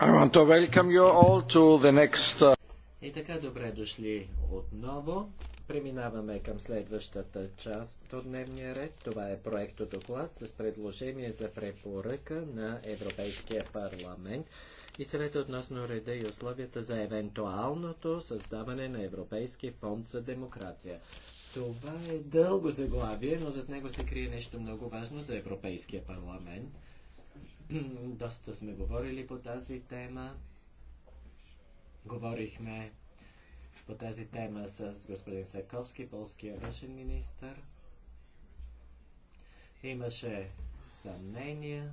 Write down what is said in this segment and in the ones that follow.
I want to welcome you all to the next... Uh, и така, добре дошли отново. Преминаваме към следващата част от дневния ред. Това е проекто доклад с предложение за препоръка на Европейския парламент и съвета относно реда и условията за евентуалното създаване на Европейски фонд за демокрация. Това е дълго заглавие, но зад него се крие нещо много важно за Европейския парламент. Доста сме говорили по тази тема. Говорихме по тази тема с господин Саковски, полския външен министр. Имаше съмнения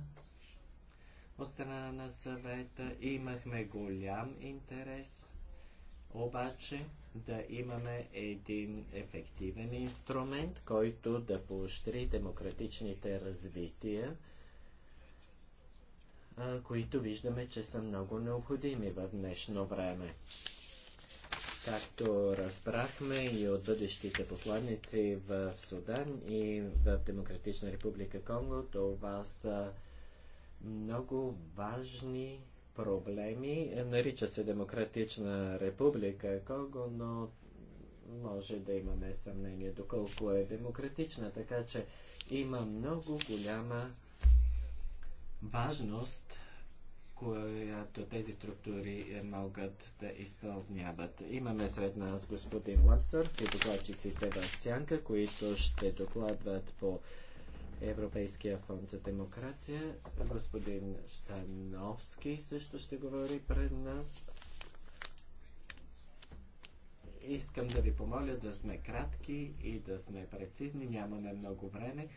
от страна на съвета. Имахме голям интерес, обаче да имаме един ефективен инструмент, който да поощри демократичните развития които виждаме, че са много необходими в днешно време. Както разбрахме и от бъдещите посланници в Судан и в Демократична република Конго, това са много важни проблеми. Нарича се Демократична република Конго, но може да имаме съмнение доколко е демократична, така че има много голяма важност, която тези структури могат да изпълняват. Имаме сред нас господин Лансдорф и докладчиците в Сянка, които ще докладват по Европейския фонд за демокрация. Господин Штановски също ще говори пред нас. Искам да ви помоля да сме кратки и да сме прецизни. Нямаме много време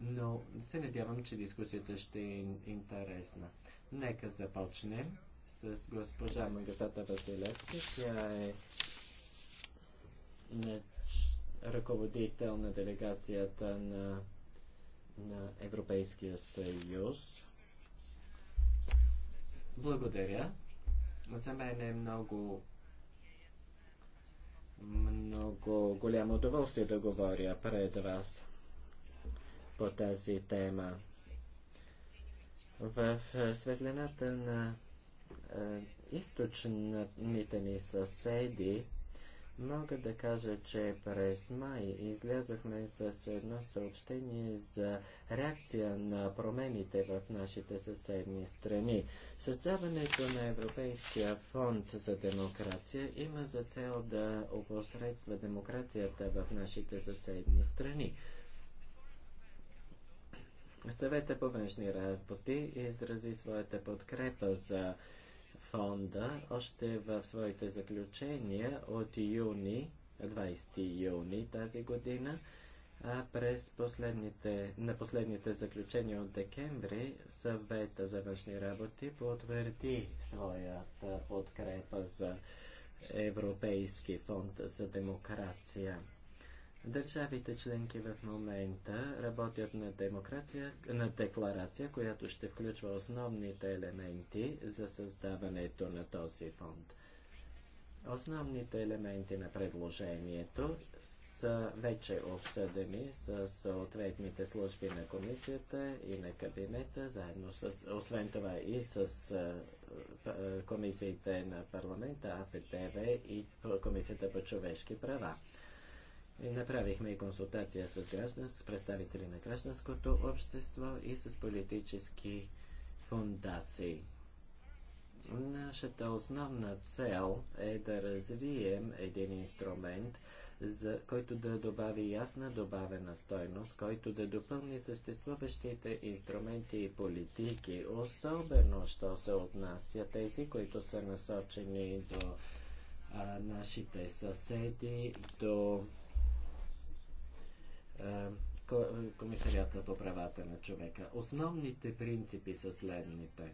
но се надявам, че дискусията ще е интересна. Нека започнем с госпожа Магасата Василевска. Тя е ръководител на делегацията на, на Европейския съюз. Благодаря. За мен е много много голямо удоволствие да говоря пред вас по тази тема. В светлината на източните ни съседи, мога да кажа, че през май излязохме с едно съобщение за реакция на промените в нашите съседни страни. Създаването на Европейския фонд за демокрация има за цел да опосредства демокрацията в нашите съседни страни. Съвета по външни работи изрази своята подкрепа за фонда още в своите заключения от юни, 20 юни тази година, а през последните, на последните заключения от декември съвета за външни работи потвърди своята подкрепа за Европейски фонд за демокрация. Държавите членки в момента работят на, демокрация, на декларация, която ще включва основните елементи за създаването на този фонд. Основните елементи на предложението са вече обсъдени с съответните служби на комисията и на кабинета, заедно с, освен това и с комисиите на парламента, АФТВ и комисията по човешки права. Направихме и консултация с, граждан, с представители на гражданското общество и с политически фундации. Нашата основна цел е да развием един инструмент, за, който да добави ясна добавена стойност, който да допълни съществуващите инструменти и политики, особено що се отнася тези, които са насочени до а, нашите съседи, до е, Комисарията по правата на човека. Основните принципи са следните.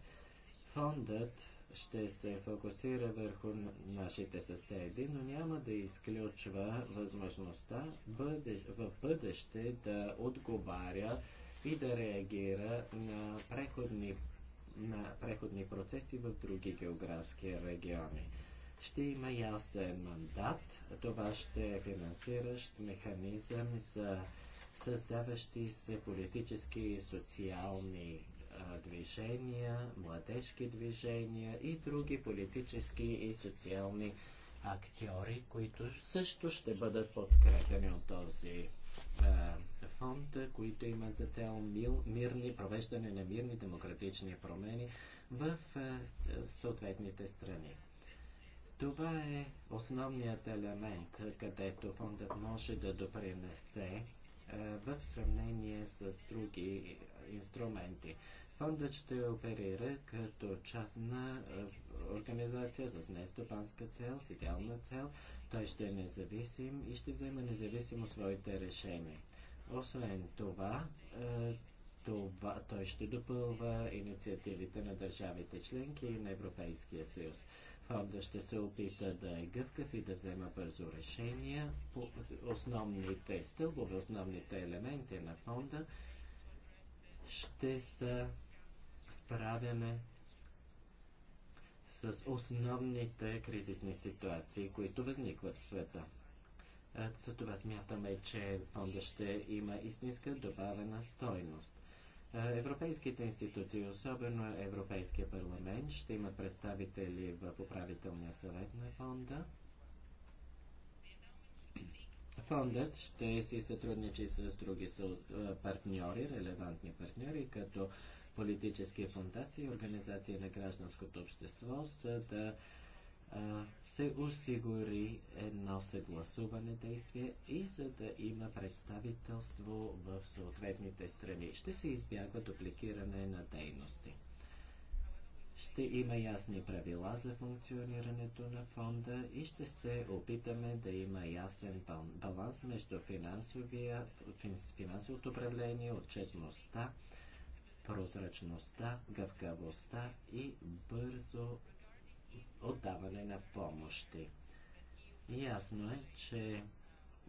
Фондът ще се фокусира върху нашите съседи, но няма да изключва възможността в бъдеще да отговаря и да реагира на преходни, на преходни процеси в други географски региони ще има ясен мандат. Това ще е финансиращ механизъм за създаващи се политически и социални движения, младежки движения и други политически и социални актьори, които също ще бъдат подкрепени от този а, фонд, които имат за цел мил, мирни, провеждане на мирни демократични промени в а, съответните страни. Това е основният елемент, където фондът може да допринесе е, в сравнение с други е, инструменти. Фондът ще оперира като частна е, организация с нестопанска цел, с идеална цел. Той ще е независим и ще взема независимо своите решения. Освен това, това той ще допълва инициативите на държавите членки и на Европейския съюз. Фонда ще се опита да е гъвкав и да взема бързо решения по основните стълбове, основните елементи на фонда ще са справяне с основните кризисни ситуации, които възникват в света. Е, за това смятаме, че фонда ще има истинска добавена стойност. Европейските институции, особено Европейския парламент, ще имат представители в управителния съвет на фонда. Фондът ще си сътрудничи с други партньори, релевантни партньори, като политически фундации и организации на гражданското общество, за да се осигури едно съгласуване действие и за да има представителство в съответните страни. Ще се избягва дупликиране на дейности. Ще има ясни правила за функционирането на фонда и ще се опитаме да има ясен баланс между финансовото управление, отчетността, прозрачността, гъвкавостта и бързо отдаване на помощи. Ясно е, че е,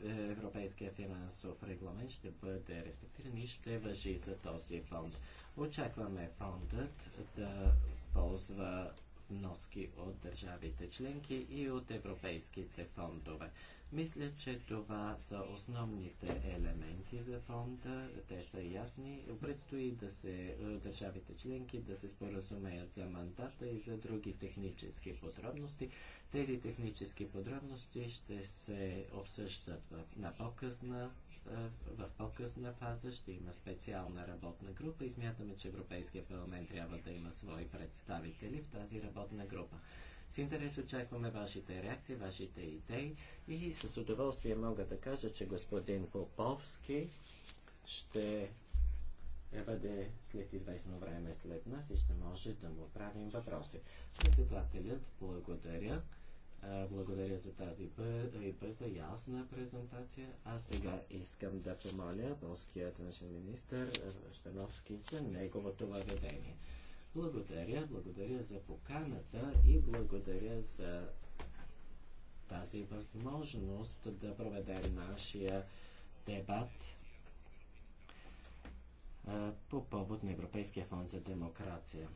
Европейския финансов регламент ще бъде респектиран и ще въжи за този фонд. Очакваме фондът да ползва вноски от държавите членки и от европейските фондове. Мисля, че това са основните елементи за фонда. Те са ясни. Предстои да се е, държавите членки да се споразумеят за мандата и за други технически подробности. Тези технически подробности ще се обсъщат в, на по-късна е, в по-късна фаза ще има специална работна група и смятаме, че Европейския парламент трябва да има свои представители в тази работна група. С интерес очакваме вашите реакции, вашите идеи и с удоволствие мога да кажа, че господин Поповски ще е, бъде след известно време след нас и ще може да му правим въпроси. Председателят благодаря. Благодаря за тази бърза и ясна презентация. А сега искам да помоля полският външен министр Штановски за неговото въведение. Благодаря, благодаря за поканата и благодаря за тази възможност да проведем нашия дебат по повод на Европейския фонд за демокрация.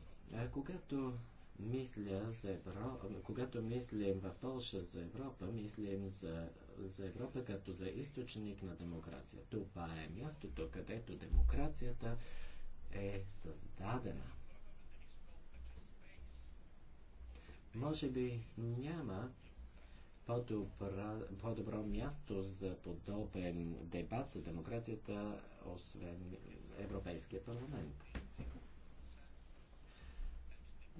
Когато мисля за Европа, когато мислим в Польша за Европа, мислим за, за Европа като за източник на демокрация. Това е мястото, където демокрацията е създадена. Може би няма по-добро, по-добро място за подобен дебат за демокрацията, освен Европейския парламент.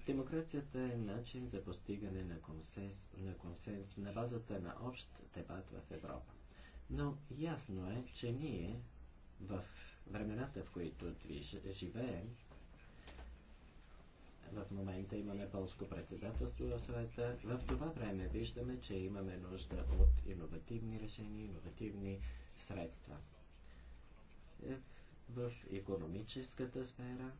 Демокрацията е начин за постигане на консенс, на консенс на базата на общ дебат в Европа. Но ясно е, че ние в времената, в които движ, живеем, в момента имаме полско председателство в света. В това време виждаме, че имаме нужда от иновативни решения, иновативни средства. Е, в економическата сфера,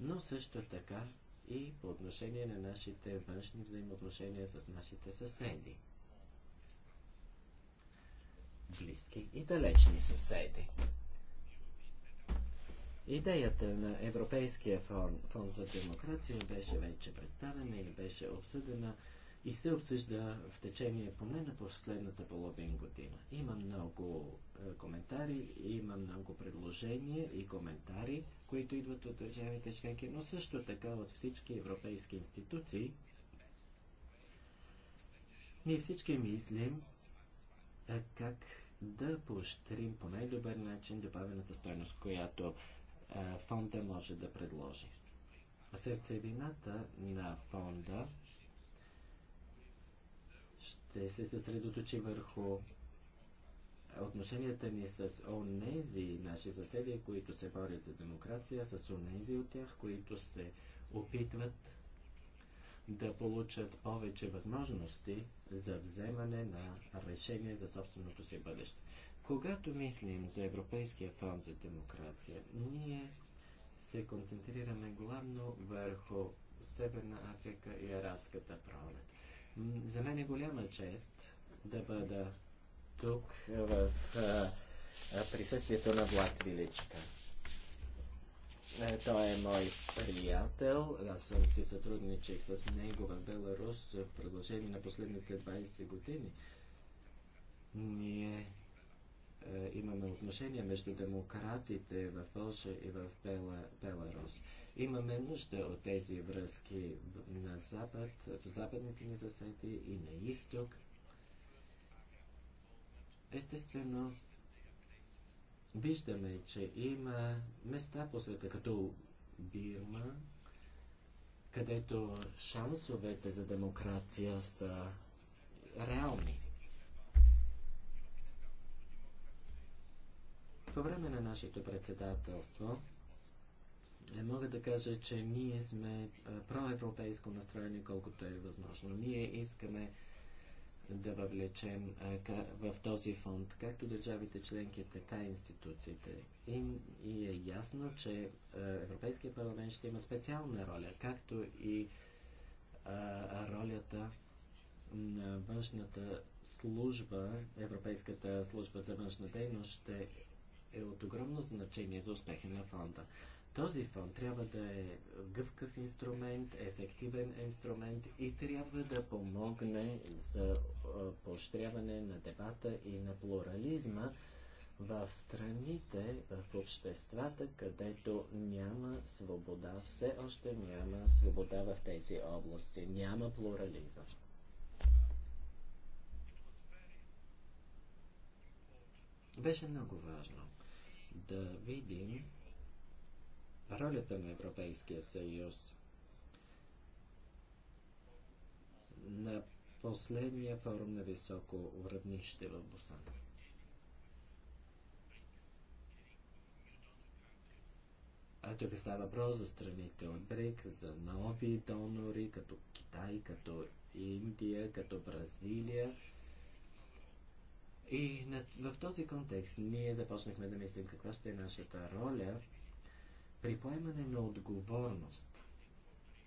но също така и по отношение на нашите външни взаимоотношения с нашите съседи. Близки и далечни съседи. Идеята на Европейския фонд, фонд за демокрация беше вече представена и беше обсъдена и се обсъжда в течение поне на последната половин година. Има много е, коментари, има много предложения и коментари, които идват от държавите членки, но също така от всички европейски институции. Ние всички мислим е, как да поощрим по най-добър начин добавената стойност, която е, фонда може да предложи. Сърцевината на фонда ще се съсредоточи върху отношенията ни с онези наши съседи, които се борят за демокрация, с онези от тях, които се опитват да получат повече възможности за вземане на решение за собственото си бъдеще. Когато мислим за Европейския фонд за демокрация, ние се концентрираме главно върху Северна Африка и арабската пролет. За мен е голяма чест да бъда тук в а, присъствието на Влад Виличка. Той е мой приятел. Аз съм си сътрудничих с него в Беларус в продължение на последните 20 години. Ние е, имаме отношения между демократите в Польша и в Бела, Беларус. Имаме нужда от тези връзки на запад, в западните ни съседи и на изток. Естествено, виждаме, че има места по света, като Бирма, където шансовете за демокрация са реални. По време на нашето председателство е, мога да кажа, че ние сме е, проевропейско настроени, колкото е възможно. Ние искаме да въвлечем е, в този фонд както държавите членки, така и институциите. И, и е ясно, че Европейския парламент ще има специална роля, както и а, ролята на външната служба, Европейската служба за външна дейност ще е от огромно значение за успеха на фонда. Този фонд трябва да е гъвкав инструмент, ефективен инструмент и трябва да помогне за поощряване на дебата и на плурализма в страните, в обществата, където няма свобода, все още няма свобода в тези области, няма плурализъм. Беше много важно да видим ролята на Европейския съюз на последния форум на високо уравнище в Босан. А тук става въпрос за страните от БРИК, за нови донори, като Китай, като Индия, като Бразилия. И в този контекст ние започнахме да мислим каква ще е нашата роля при поемане на отговорност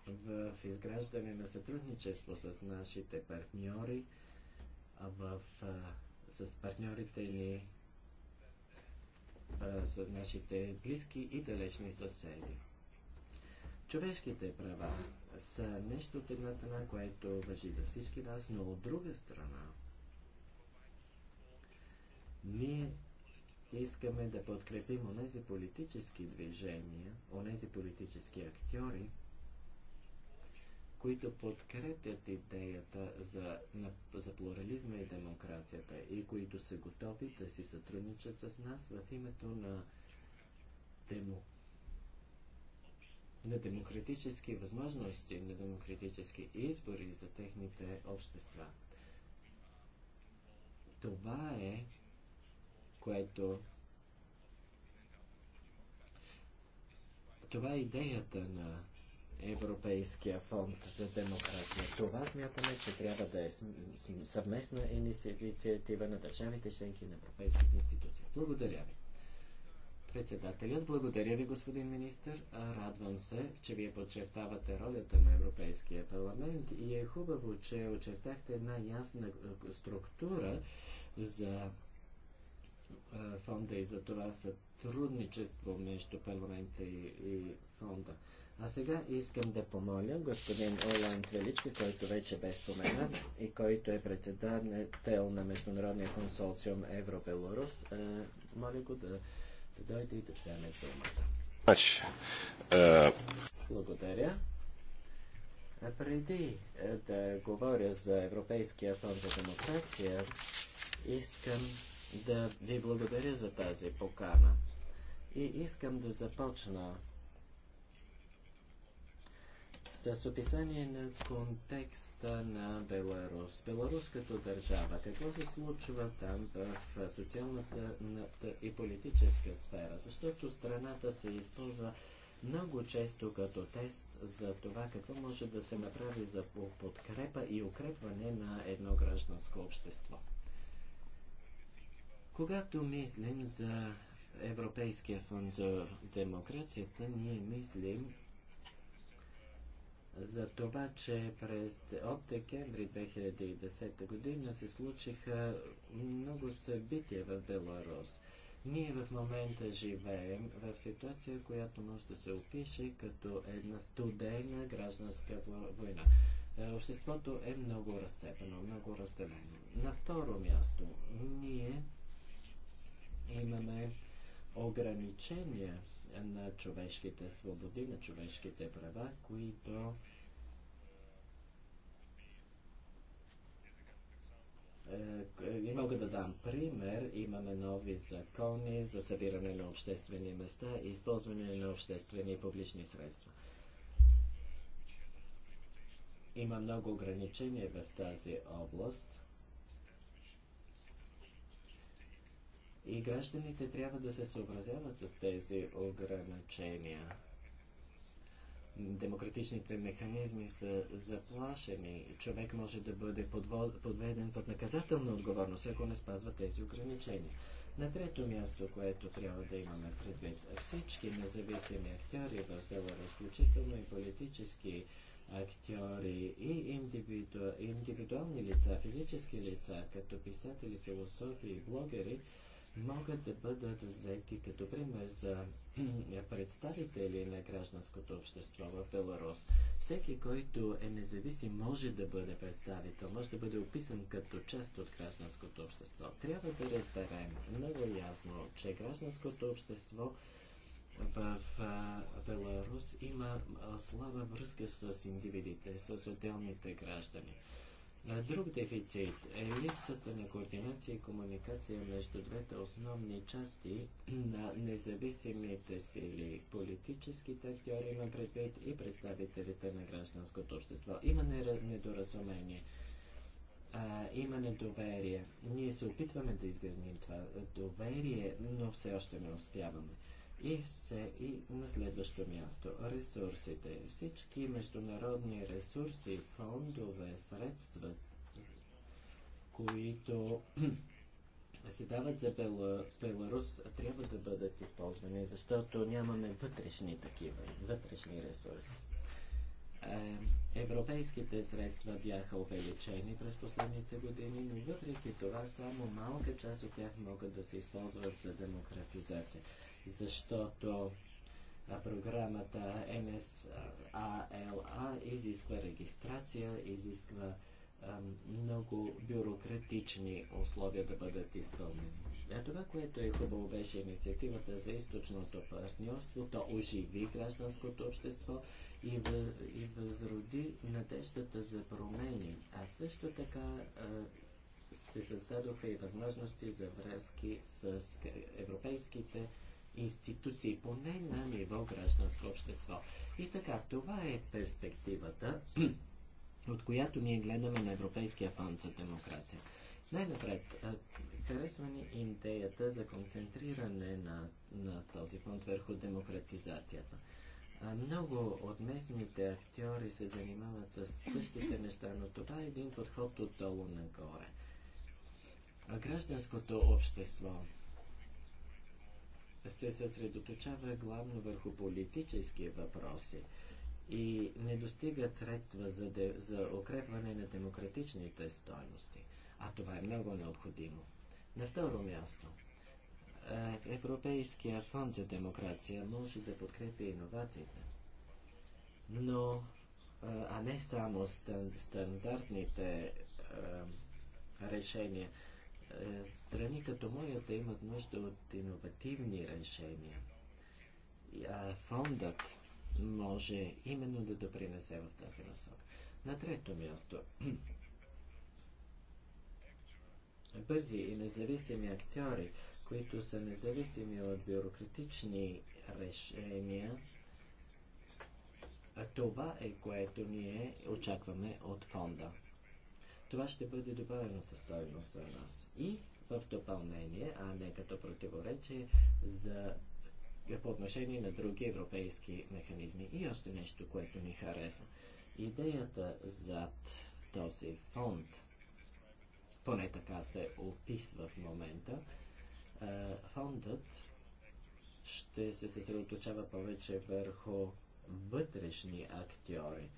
в изграждане на сътрудничество с нашите партньори, в, с партньорите ни, с нашите близки и далечни съседи. Човешките права са нещо от една страна, което въжи за всички нас, но от друга страна – ние искаме да подкрепим онези политически движения, онези политически актьори, които подкрепят идеята за, за плурализма и демокрацията и които са готови да си сътрудничат с нас в името на, демо, на демократически възможности, на демократически избори за техните общества. Това е което това е идеята на Европейския фонд за демократия. Това смятаме, че трябва да е съвместна инициатива на държавите членки на европейските институции. Благодаря ви. Председателят, благодаря ви, господин министр. Радвам се, че вие подчертавате ролята на Европейския парламент и е хубаво, че очертахте една ясна структура за фонда и за това сътрудничество между парламента и, и фонда. А сега искам да помоля господин Олан Велички, който вече бе споменат и който е председател на Международния консорциум Евробелорус. моля го да, да дойде и да вземе думата. Благодаря. А преди да говоря за Европейския фонд за демокрация, искам да ви благодаря за тази покана. И искам да започна с описание на контекста на Беларус. Беларус като държава. Какво се случва там в социалната и политическа сфера? Защото страната се използва много често като тест за това какво може да се направи за подкрепа и укрепване на едно гражданско общество. Когато мислим за Европейския фонд за демокрацията, ние мислим за това, че през, от декември 2010 година се случиха много събития в Беларус. Ние в момента живеем в ситуация, която може да се опише като една студена гражданска война. Е, обществото е много разцепено, много разделено. На второ място, ние имаме ограничения на човешките свободи, на човешките права, които е, е, И мога да дам пример. Имаме нови закони за събиране на обществени места и използване на обществени и публични средства. Има много ограничения в тази област. и гражданите трябва да се съобразяват с тези ограничения. Демократичните механизми са заплашени. Човек може да бъде подведен под наказателна отговорност, ако не спазва тези ограничения. На трето място, което трябва да имаме предвид, всички независими актьори в Беларус, включително и политически актьори и индивиду... индивидуални лица, физически лица, като писатели, философи и блогери, могат да бъдат взети като пример за представители на гражданското общество в Беларус. Всеки, който е независим, може да бъде представител, може да бъде описан като част от гражданското общество. Трябва да разберем много ясно, че гражданското общество в, Беларус има слаба връзка с индивидите, с отделните граждани. Друг дефицит е липсата на координация и комуникация между двете основни части на независимите сили, политическите актьори на предвид и представителите на гражданското общество. Има недоразумение, а, има недоверие. Ние се опитваме да изградим това доверие, но все още не успяваме. И все и на следващо място ресурсите. Всички международни ресурси, фондове, средства, които се дават за Беларус, трябва да бъдат използвани, защото нямаме вътрешни такива, вътрешни ресурси. Е, европейските средства бяха увеличени през последните години, но въпреки това само малка част от тях могат да се използват за демократизация защото програмата NSALA изисква регистрация, изисква много бюрократични условия да бъдат изпълнени. А това, което е хубаво, беше инициативата за източното партньорство. То оживи гражданското общество и, въ... и възроди надеждата за промени. А също така се създадоха и възможности за връзки с европейските институции, поне на ниво гражданско общество. И така, това е перспективата, от която ние гледаме на Европейския фонд за демокрация. Най-напред, харесва ни идеята за концентриране на, на този фонд върху демократизацията. Много от местните актьори се занимават с същите неща, но това е един подход отдолу нагоре. Гражданското общество се съсредоточава главно върху политически въпроси и не достигат средства за, де, за укрепване на демократичните стойности. А това е много необходимо. На второ място, е, Европейския фонд за демокрация може да подкрепи иновациите, но а не само стандартните решения. Е, страни като моята имат нужда от иновативни решения. А фондът може именно да допринесе в тази насока. На трето място. Бързи и независими актьори, които са независими от бюрократични решения, а това е което ние очакваме от фонда. Това ще бъде добавената стойност за нас. И в допълнение, а не като противоречие за по отношение на други европейски механизми. И още нещо, което ни харесва. Идеята зад този фонд, поне така се описва в момента, е, фондът ще се съсредоточава повече върху вътрешни актьори.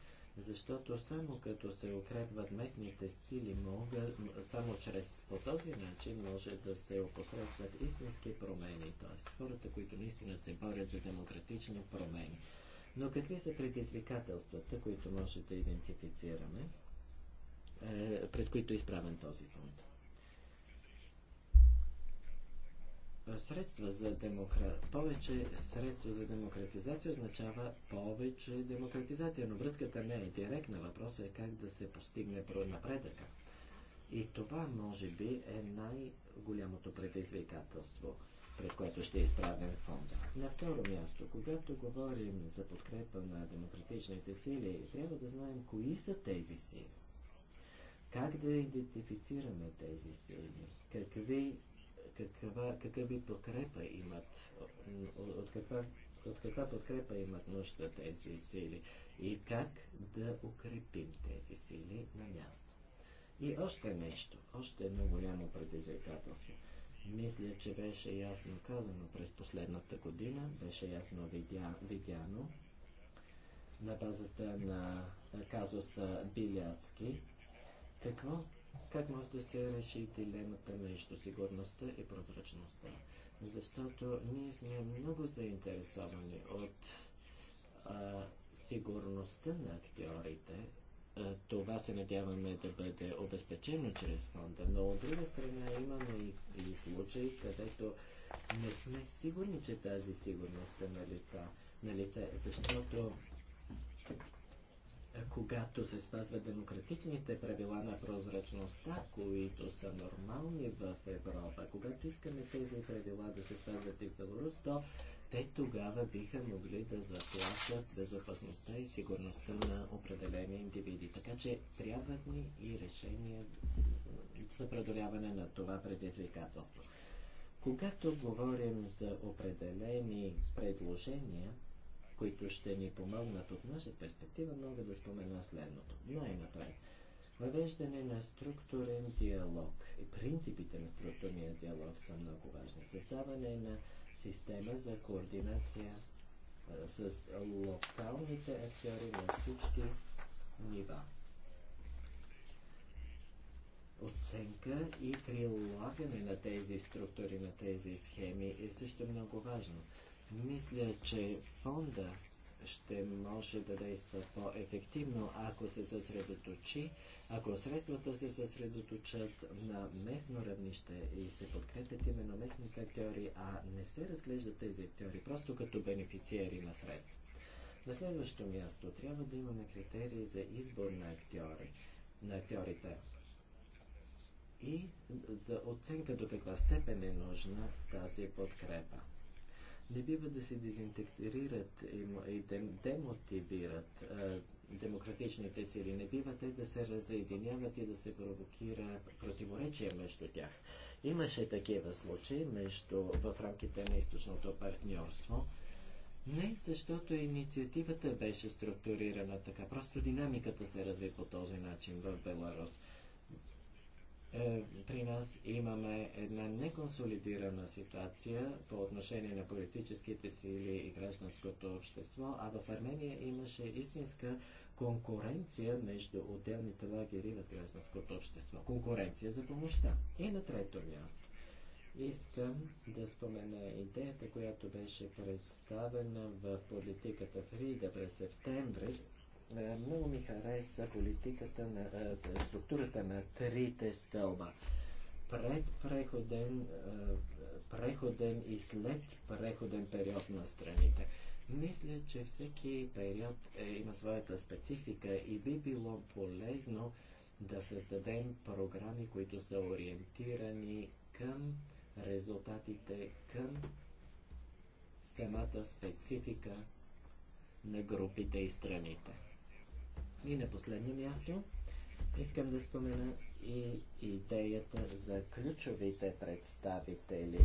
Защото само като се укрепват местните сили, мога, само чрез по този начин може да се опосредстват истински промени, т.е. хората, които наистина се борят за демократични промени. Но какви са предизвикателствата, които може да идентифицираме, е, пред които е изправен този фонд? средства за демокра... повече средства за демократизация означава повече демократизация, но връзката не е директна. Въпросът е как да се постигне напредъка. И това, може би, е най-голямото предизвикателство, пред което ще е изправен фонда. На второ място, когато говорим за подкрепа на демократичните сили, трябва да знаем кои са тези сили. Как да идентифицираме тези сили? Какви каква, какъв вид подкрепа имат, от каква, от каква подкрепа имат нужда тези сили и как да укрепим тези сили на място. И още нещо, още едно голямо предизвикателство. Мисля, че беше ясно казано през последната година, беше ясно видя, видяно на базата на казуса Билятски. Какво как може да се реши дилемата между сигурността и прозрачността? Защото ние сме много заинтересовани от а, сигурността на актьорите. А, това се надяваме да бъде обезпечено чрез фонда, но от друга страна имаме и, и случаи, където не сме сигурни, че тази сигурност е на, лица, на лице, защото когато се спазват демократичните правила на прозрачността, които са нормални в Европа, когато искаме тези правила да се спазват и в Беларус, то те тогава биха могли да заплашат безопасността и сигурността на определени индивиди. Така че трябват ни и решения за преодоляване на това предизвикателство. Когато говорим за определени предложения, които ще ни помогнат от наша перспектива, мога да спомена следното. Най-напред. Въвеждане на структурен диалог. Принципите на структурния диалог са много важни. Създаване на система за координация а, с локалните актьори на всички нива. Оценка и прилагане на тези структури, на тези схеми е също много важно. Мисля, че фонда ще може да действа по-ефективно, ако се съсредоточи, ако средствата се съсредоточат на местно равнище и се подкрепят именно местни актьори, а не се разглеждат тези актьори просто като бенефициери на средства. На следващо място трябва да имаме критерии за избор на актьори, на актьорите и за оценка до каква степен е нужна тази подкрепа. Не бива да се дезинтегрират и демотивират демократичните сили. Не бива те да се разъединяват и да се провокира противоречие между тях. Имаше такива случаи между, в рамките на източното партньорство. Не защото инициативата беше структурирана така, просто динамиката се разви по този начин в Беларус е, при нас имаме една неконсолидирана ситуация по отношение на политическите сили и гражданското общество, а в Армения имаше истинска конкуренция между отделните лагери в гражданското общество. Конкуренция за помощта. И на трето място. Искам да спомена идеята, която беше представена в политиката в Рига през септември е, много ми хареса политиката на е, е, структурата на трите стълба. Пред преходен, преходен и след преходен период на страните. Мисля, че всеки период е, има своята специфика и би било полезно да създадем програми, които са ориентирани към резултатите, към самата специфика на групите и страните. И на последно място искам да спомена и идеята за ключовите представители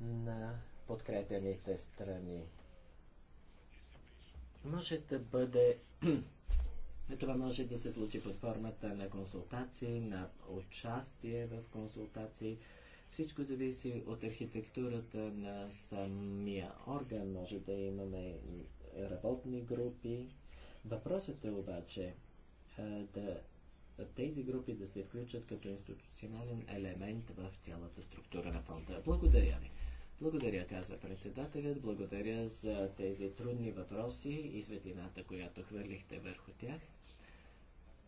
на подкрепяните страни. Може да бъде това може да се случи под формата на консултации, на участие в консултации. Всичко зависи от архитектурата на самия орган. Може да имаме работни групи, Въпросът е обаче да тези групи да се включат като институционален елемент в цялата структура на фонда. Благодаря ви. Благодаря, казва председателят. Благодаря за тези трудни въпроси и светлината, която хвърлихте върху тях.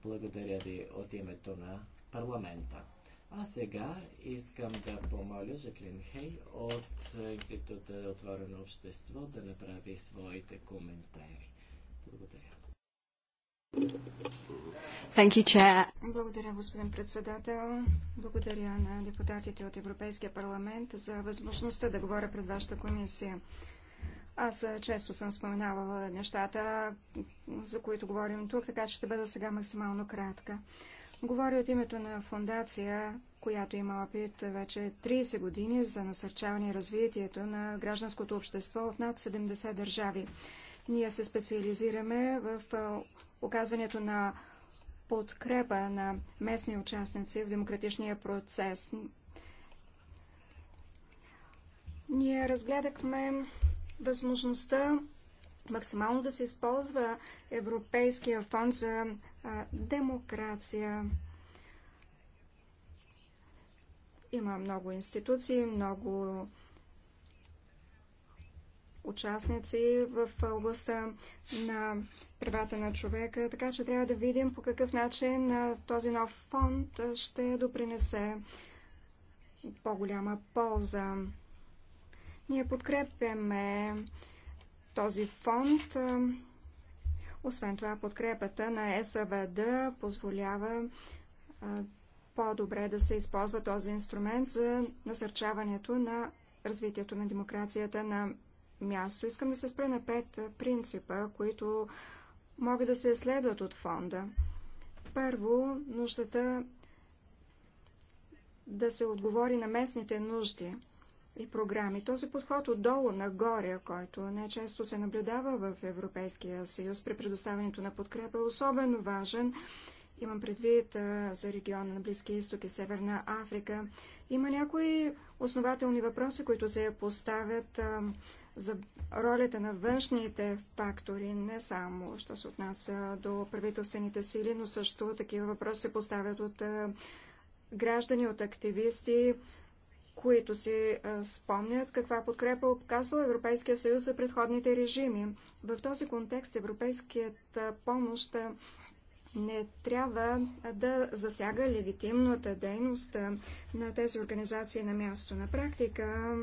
Благодаря ви от името на парламента. А сега искам да помоля Жаклин Хей от Института Отворено общество да направи своите коментари. Благодаря. You, Благодаря, господин председател. Благодаря на депутатите от Европейския парламент за възможността да говоря пред вашата комисия. Аз често съм споменавала нещата, за които говорим тук, така че ще бъда сега максимално кратка. Говоря от името на фундация, която има опит вече 30 години за насърчаване и развитието на гражданското общество от над 70 държави. Ние се специализираме в оказването на подкрепа на местни участници в демократичния процес. Ние разгледахме възможността максимално да се използва Европейския фонд за а, демокрация. Има много институции, много участници в областта на правата на човека, така че трябва да видим по какъв начин този нов фонд ще допринесе по-голяма полза. Ние подкрепяме този фонд. Освен това, подкрепата на СВД позволява по-добре да се използва този инструмент за насърчаването на развитието на демокрацията на място. Искам да се спра на пет принципа, които могат да се следват от фонда. Първо, нуждата да се отговори на местните нужди и програми. Този подход отдолу нагоре, който не често се наблюдава в Европейския съюз при предоставянето на подкрепа, е особено важен. Имам предвид за региона на Близкия изток и Северна Африка. Има някои основателни въпроси, които се поставят за ролята на външните фактори, не само, що се отнася до правителствените сили, но също такива въпроси се поставят от граждани, от активисти, които си спомнят каква подкрепа оказва Европейския съюз за предходните режими. В този контекст европейският помощ не трябва да засяга легитимната дейност на тези организации на място. На практика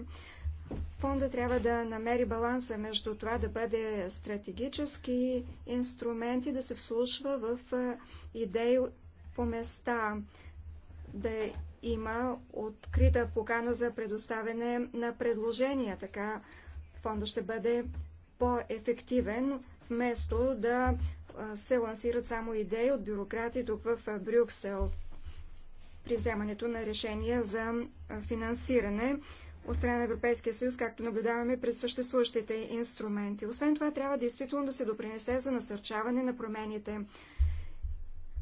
Фонда трябва да намери баланса между това да бъде стратегически инструмент и да се вслушва в идеи по места, да има открита покана за предоставяне на предложения. Така фонда ще бъде по-ефективен, вместо да се лансират само идеи от бюрократи тук в Брюксел при вземането на решения за финансиране от страна на Европейския съюз, както наблюдаваме пред съществуващите инструменти. Освен това, трябва действително да се допринесе за насърчаване на промените.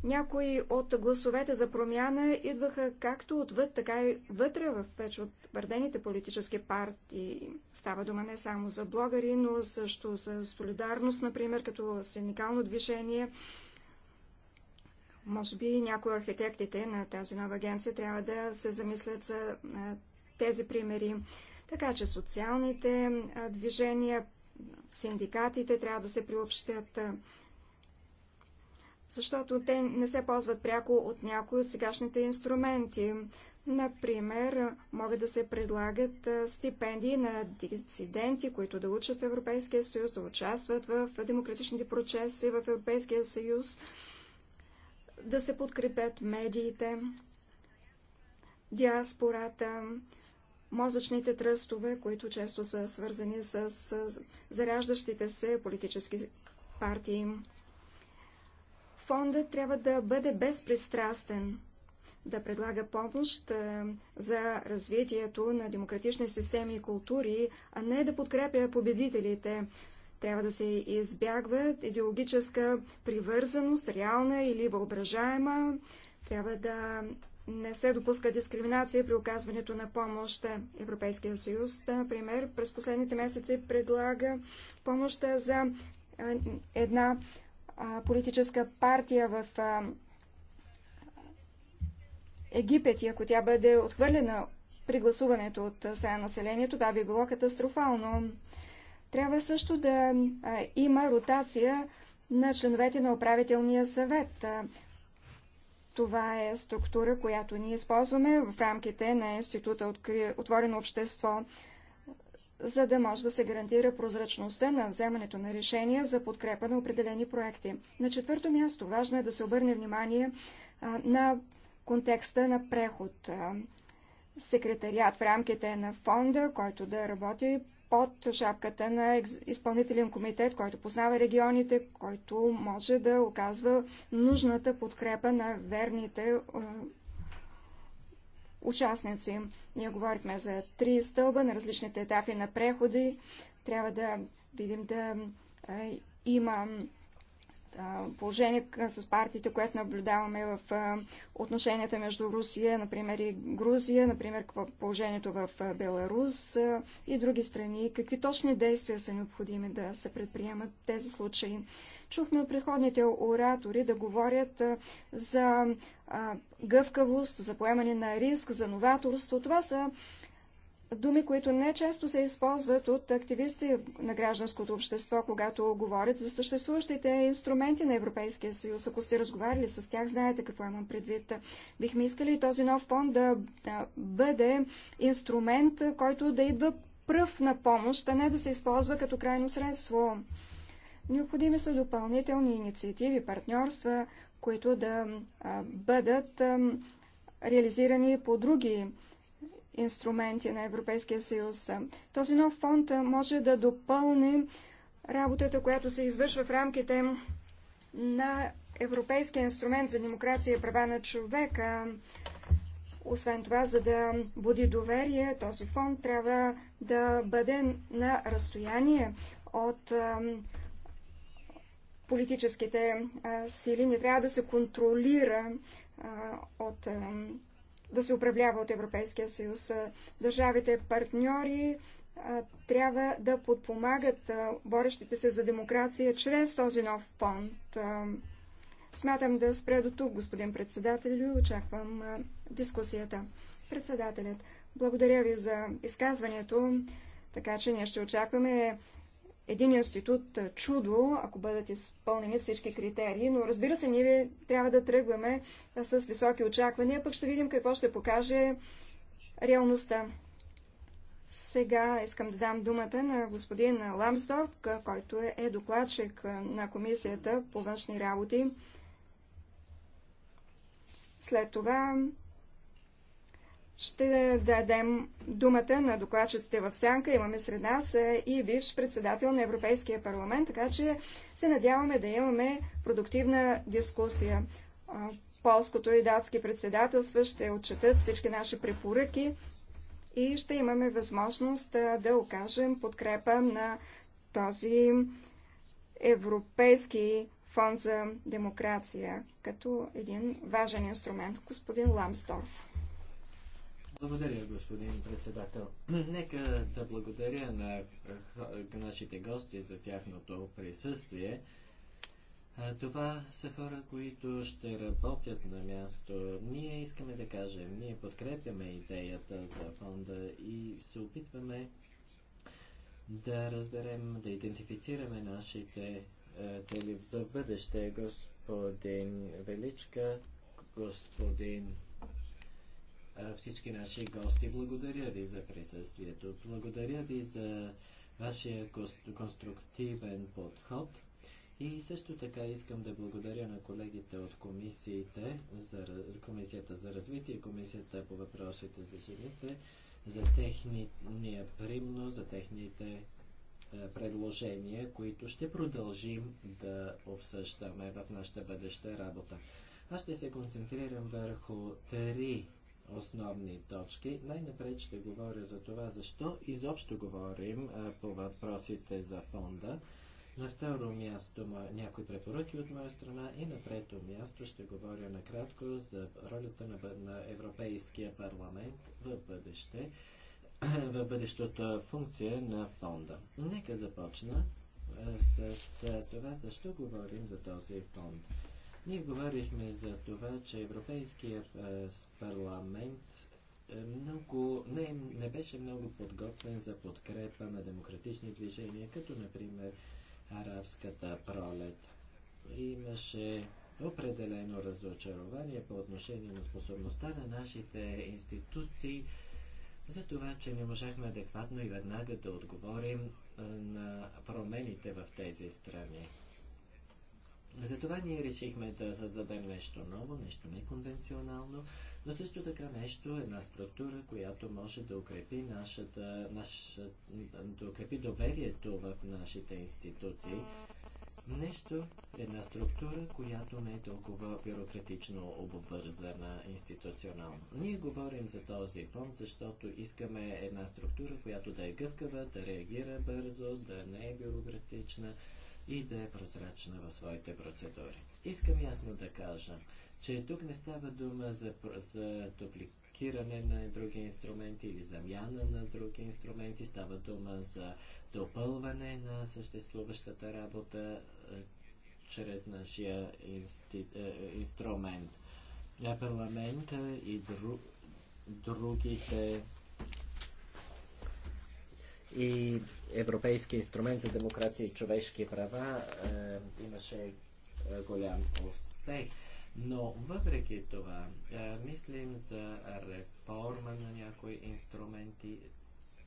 Някои от гласовете за промяна идваха както отвъд, така и вътре в вече от твърдените политически партии. Става дума не само за блогъри, но също за солидарност, например, като синдикално движение. Може би някои архитектите на тази нова агенция трябва да се замислят за тези примери. Така че социалните движения, синдикатите трябва да се приобщят, защото те не се ползват пряко от някои от сегашните инструменти. Например, могат да се предлагат стипендии на дисиденти, които да учат в Европейския съюз, да участват в демократичните процеси в Европейския съюз, да се подкрепят медиите диаспората, мозъчните тръстове, които често са свързани с заряждащите се политически партии. Фондът трябва да бъде безпристрастен, да предлага помощ е, за развитието на демократични системи и култури, а не да подкрепя победителите. Трябва да се избягва идеологическа привързаност, реална или въображаема. Трябва да не се допуска дискриминация при оказването на помощ. Европейския съюз, например, през последните месеци предлага помощ за една политическа партия в Египет и ако тя бъде отхвърлена при гласуването от сега населението, това би било катастрофално. Трябва също да има ротация на членовете на управителния съвет. Това е структура, която ние използваме в рамките на Института Отворено общество, за да може да се гарантира прозрачността на вземането на решения за подкрепа на определени проекти. На четвърто място важно е да се обърне внимание а, на контекста на преход. Секретариат в рамките на фонда, който да работи под шапката на изпълнителен комитет, който познава регионите, който може да оказва нужната подкрепа на верните участници. Ние говорихме за три стълба на различните етапи на преходи. Трябва да видим да има положение с партиите, което наблюдаваме в отношенията между Русия, например, и Грузия, например, положението в Беларус и други страни. Какви точни действия са необходими да се предприемат в тези случаи? Чухме от предходните оратори да говорят за гъвкавост, за поемане на риск, за новаторство. Това са думи, които не често се използват от активисти на гражданското общество, когато говорят за съществуващите инструменти на Европейския съюз. Ако сте разговаряли с тях, знаете какво имам предвид. Бихме искали този нов фонд да, да бъде инструмент, който да идва пръв на помощ, а не да се използва като крайно средство. Необходими са допълнителни инициативи, партньорства, които да бъдат реализирани по други инструменти на Европейския съюз. Този нов фонд може да допълни работата, която се извършва в рамките на Европейския инструмент за демокрация и права на човека. Освен това, за да буди доверие, този фонд трябва да бъде на разстояние от политическите сили. Не трябва да се контролира от да се управлява от Европейския съюз. Държавите партньори трябва да подпомагат борещите се за демокрация чрез този нов фонд. Смятам да спре до тук, господин председател, и очаквам дискусията. Председателят, благодаря ви за изказването, така че ние ще очакваме един институт чудо, ако бъдат изпълнени всички критерии, но разбира се, ние трябва да тръгваме с високи очаквания, пък ще видим какво ще покаже реалността. Сега искам да дам думата на господин Ламсдорф, който е докладчик на Комисията по външни работи. След това ще дадем думата на докладчиците в Сянка. Имаме сред нас е, и бивш председател на Европейския парламент, така че се надяваме да имаме продуктивна дискусия. Полското и датски председателства ще отчетат всички наши препоръки и ще имаме възможност да окажем подкрепа на този Европейски фонд за демокрация като един важен инструмент. Господин Ламсторф. Благодаря, господин председател. Нека да благодаря на нашите гости за тяхното присъствие. Това са хора, които ще работят на място. Ние искаме да кажем, ние подкрепяме идеята за фонда и се опитваме да разберем, да идентифицираме нашите цели за бъдеще. Господин Величка, господин всички наши гости. Благодаря ви за присъствието. Благодаря ви за вашия конструктивен подход. И също така искам да благодаря на колегите от комисиите, за, Комисията за развитие и Комисията по въпросите за жените, за техния примно, за техните предложения, които ще продължим да обсъждаме в нашата бъдеща работа. Аз ще се концентрирам върху три основни точки. Най-напред ще говоря за това, защо изобщо говорим по въпросите за фонда. На второ място някои препоръки от моя страна и на трето място ще говоря накратко за ролята на, на Европейския парламент в бъдеще, в бъдещата функция на фонда. Нека започна с, с това, защо говорим за този фонд. Ние говорихме за това, че Европейския е, парламент е, много, не, не беше много подготвен за подкрепа на демократични движения, като например арабската пролет. Имаше определено разочарование по отношение на способността на нашите институции за това, че не можахме адекватно и веднага да отговорим е, на промените в тези страни. Затова ние решихме да създадем нещо ново, нещо неконвенционално, но също така нещо, една структура, която може да укрепи, нашата, наша, да укрепи доверието в нашите институции. Нещо, една структура, която не е толкова бюрократично обвързана институционално. Ние говорим за този фонд, защото искаме една структура, която да е гъвкава, да реагира бързо, да не е бюрократична и да е прозрачна в своите процедури. Искам ясно да кажа, че тук не става дума за, за дупликиране на други инструменти или замяна на други инструменти. Става дума за допълване на съществуващата работа е, чрез нашия инсти, е, е инструмент. Парламента и дру, другите и Европейския инструмент за демокрация и човешки права е, имаше е, голям успех. Но въпреки това, е, мислим за реформа на някои инструменти,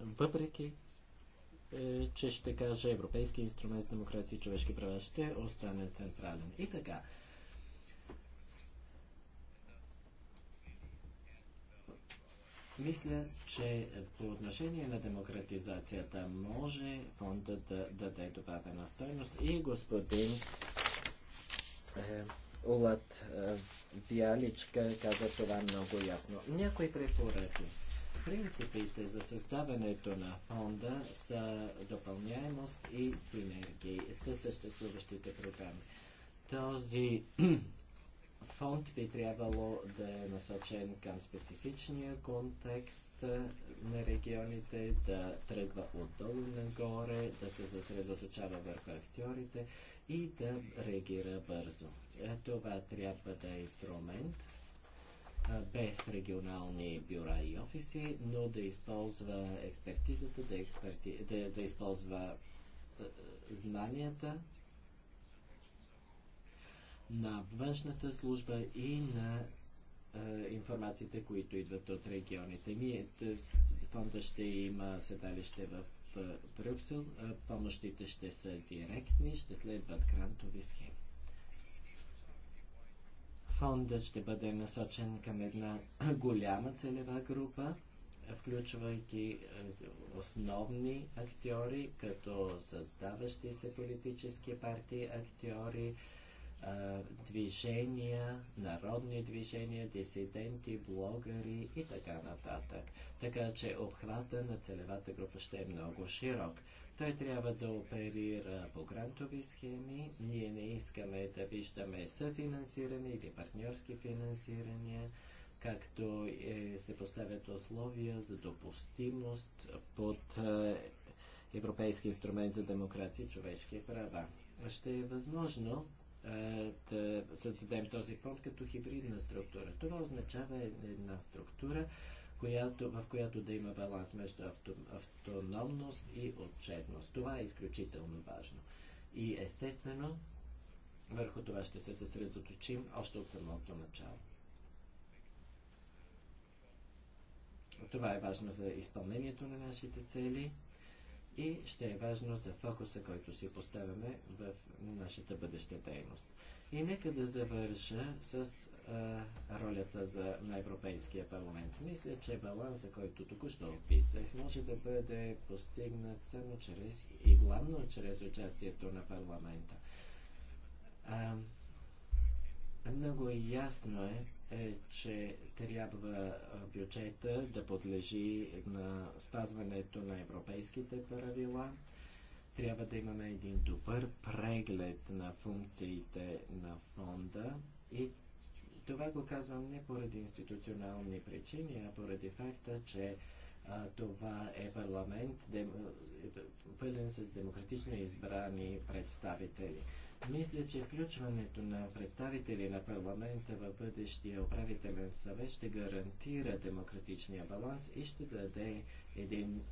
въпреки е, че ще кажа Европейския инструмент за демокрация и човешки права ще остане централен. И така, Мисля, че по отношение на демократизацията може фонда да даде добавена стойност и господин е, Улат е, Бяличка каза това много ясно. Някои препоръки. Принципите за съставянето на фонда са допълняемост и синергии с съществуващите програми. Този фонд би трябвало да е насочен към специфичния контекст на регионите, да тръгва отдолу нагоре, да се съсредоточава върху актьорите и да реагира бързо. Е, това трябва да е инструмент без регионални бюра и офиси, но да използва експертизата, да, експерти... да, да използва е, е, знанията на външната служба и на е, информациите, които идват от регионите. Ние, фонда ще има седалище в е, Брюксел, е, помощите ще са директни, ще следват грантови схеми. Фондът ще бъде насочен към една голяма целева група, включвайки е, основни актьори, като създаващи се политически партии, актьори, движения, народни движения, дисиденти, блогъри и така нататък. Така че обхвата на целевата група ще е много широк. Той трябва да оперира по грантови схеми. Ние не искаме да виждаме съфинансиране или партньорски финансирания, както е, се поставят условия за допустимост под е, Европейски инструмент за демокрация и човешки права. Ще е възможно да създадем този фонд като хибридна структура. Това означава една структура, която, в която да има баланс между авто, автономност и отчетност. Това е изключително важно. И естествено, върху това ще се съсредоточим още от самото начало. Това е важно за изпълнението на нашите цели и ще е важно за фокуса, който си поставяме в нашата бъдеща дейност. И нека да завърша с а, ролята за, на Европейския парламент. Мисля, че баланса, който току-що описах, може да бъде постигнат само чрез и главно чрез участието на парламента. А, много ясно е, е, че трябва бюджета да подлежи на спазването на европейските правила. Трябва да имаме един добър преглед на функциите на фонда и това го казвам не поради институционални причини, а поради факта, че това е парламент дем, е, пълен с демократично избрани представители. Мисля, че включването на представители на парламента в бъдещия управителен съвет ще гарантира демократичния баланс и ще даде един,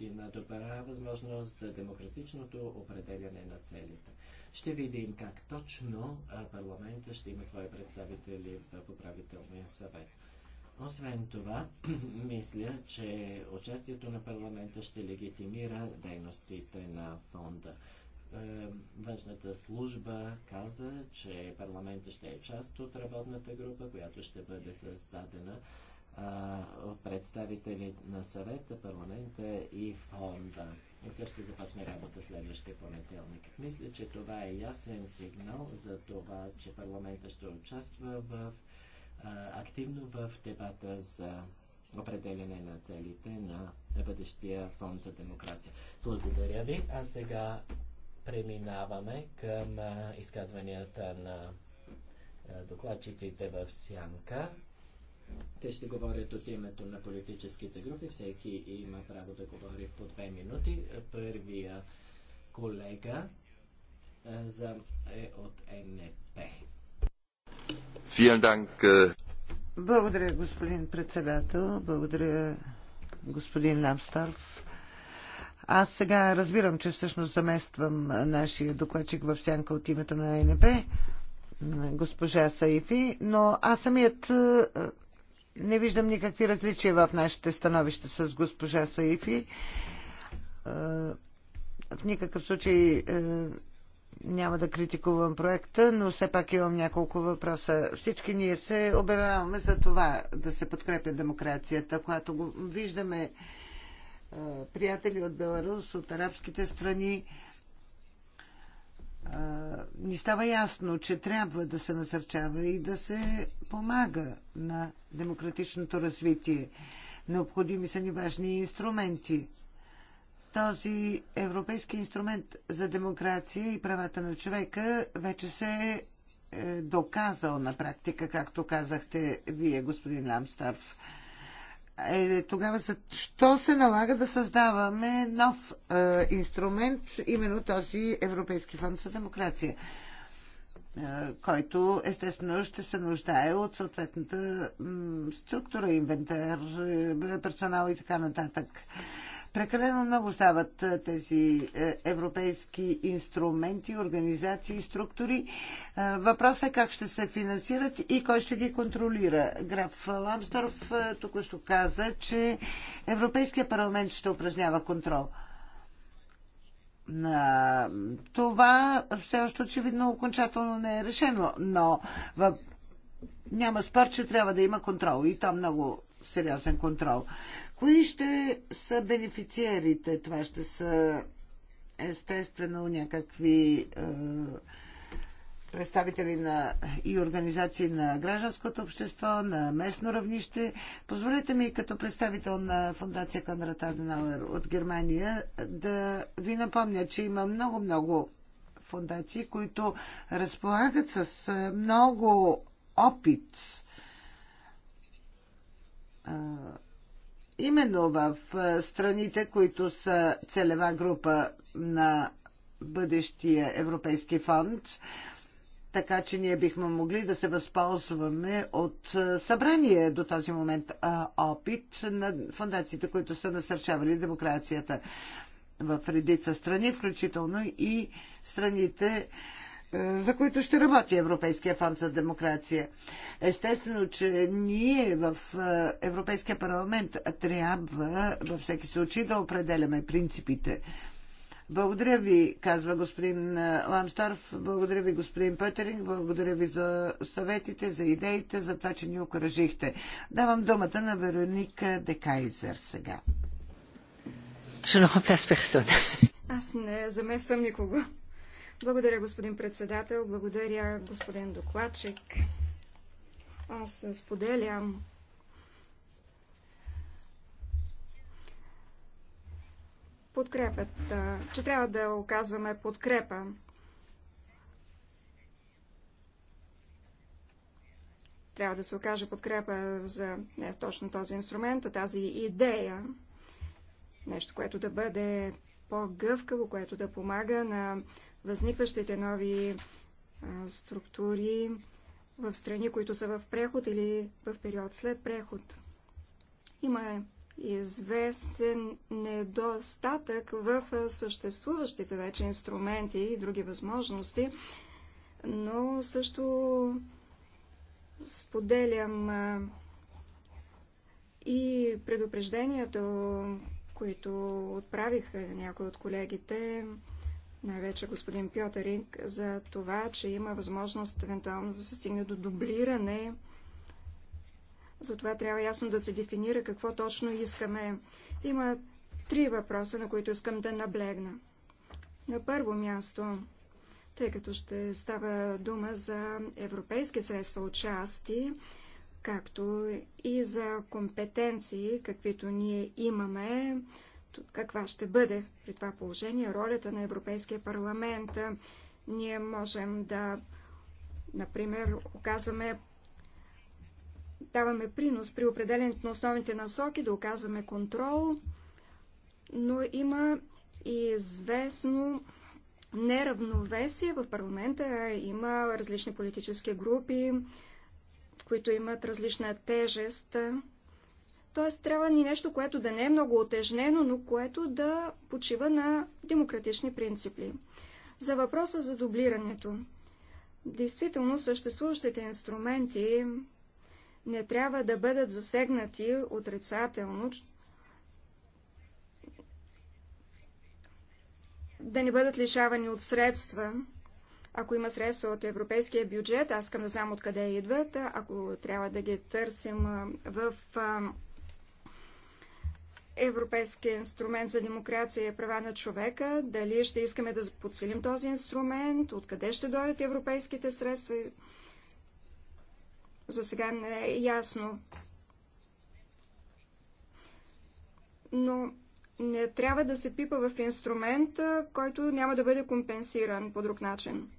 една добра възможност за демократичното определяне на целите. Ще видим как точно парламента ще има свои представители в управителния съвет. Освен това, мисля, че участието на парламента ще легитимира дейностите на фонда. Е, външната служба каза, че парламента ще е част от работната група, която ще бъде създадена от представители на съвета, парламента и фонда. И тя ще започне работа следващия понеделник. Мисля, че това е ясен сигнал за това, че парламента ще участва в активно в дебата за определене на целите на бъдещия фонд за демокрация. Благодаря ви. А сега преминаваме към изказванията на докладчиците в Сянка. Те ще говорят от името на политическите групи. Всеки има право да говори по две минути. Първия колега за, е от НП. Äh, Благодаря, господин председател. Благодаря, господин Ламстарф. Аз сега разбирам, че всъщност замествам нашия докладчик в сянка от името на НП, госпожа Саифи, но аз самият е, не виждам никакви различия в нашите становища с госпожа Саифи. Е, в никакъв случай е, няма да критикувам проекта, но все пак имам няколко въпроса. Всички ние се обявяваме за това да се подкрепя демокрацията, когато го виждаме е, приятели от Беларус, от арабските страни, е, ни става ясно, че трябва да се насърчава и да се помага на демократичното развитие. Необходими са ни важни инструменти – този европейски инструмент за демокрация и правата на човека вече се е доказал на практика, както казахте вие, господин Ламстарф. Е, тогава защо се налага да създаваме нов е, инструмент, именно този Европейски фонд за демокрация? Е, който естествено ще се нуждае от съответната структура, инвентар, е, персонал и така нататък. Прекалено много стават тези е, европейски инструменти, организации, структури. Въпросът е как ще се финансират и кой ще ги контролира. Граф Ламсдорф тук ще каза, че Европейския парламент ще упражнява контрол. Това все още очевидно окончателно не е решено, но въп... няма спор, че трябва да има контрол и то много сериозен контрол. Кои ще са бенефициерите? Това ще са естествено някакви е, представители на и организации на гражданското общество, на местно равнище. Позволете ми като представител на фундация Конрад Аденауер от Германия да ви напомня, че има много-много фундации, които разполагат с е, много опит. Е, именно в страните, които са целева група на бъдещия Европейски фонд, така че ние бихме могли да се възползваме от събрание до този момент опит на фундациите, които са насърчавали демокрацията в редица страни, включително и страните, за които ще работи Европейския фонд за демокрация. Естествено, че ние в е, Европейския парламент трябва във всеки случай да определяме принципите. Благодаря ви, казва господин е, Ламсторф, благодаря ви, господин Пътеринг, благодаря ви за съветите, за идеите, за това, че ни окоръжихте. Давам думата на Вероника Декайзер сега. Аз не замесвам никого. Благодаря, господин председател. Благодаря, господин докладчик. Аз споделям подкрепят, че трябва да оказваме подкрепа. Трябва да се окаже подкрепа за не точно този инструмент, а тази идея. Нещо, което да бъде по-гъвкаво, което да помага на възникващите нови структури в страни, които са в преход или в период след преход. Има известен недостатък в съществуващите вече инструменти и други възможности, но също споделям и предупреждението, които отправиха някои от колегите най-вече господин Пьотеринг, за това, че има възможност евентуално да се стигне до дублиране. Затова трябва ясно да се дефинира какво точно искаме. Има три въпроса, на които искам да наблегна. На първо място, тъй като ще става дума за европейски средства от части, както и за компетенции, каквито ние имаме, каква ще бъде при това положение ролята на Европейския парламент. Ние можем да, например, оказваме даваме принос при определенето на основните насоки, да оказваме контрол, но има и известно неравновесие в парламента. Има различни политически групи, които имат различна тежест. Тоест, трябва ни нещо, което да не е много отежнено, но което да почива на демократични принципи. За въпроса за дублирането. Действително, съществуващите инструменти не трябва да бъдат засегнати отрицателно, да не бъдат лишавани от средства. Ако има средства от европейския бюджет, аз искам да знам откъде идват, ако трябва да ги търсим в Европейския инструмент за демокрация и права на човека, дали ще искаме да подсилим този инструмент, откъде ще дойдат европейските средства. За сега не е ясно. Но не трябва да се пипа в инструмент, който няма да бъде компенсиран по друг начин.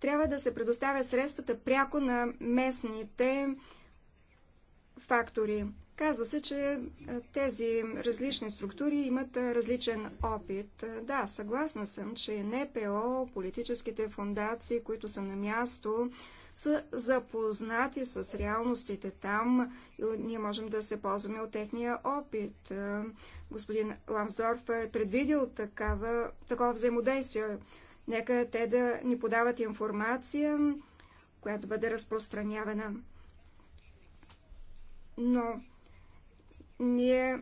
Трябва да се предоставя средствата пряко на местните фактори. Казва се, че е, тези различни структури имат е, различен опит. Е, да, съгласна съм, че НПО, политическите фундации, които са на място, са запознати с реалностите там и ние можем да се ползваме от техния опит. Господин Ламсдорф е предвидил такава, такова взаимодействие. Нека те да ни подават информация, която бъде разпространявана но ние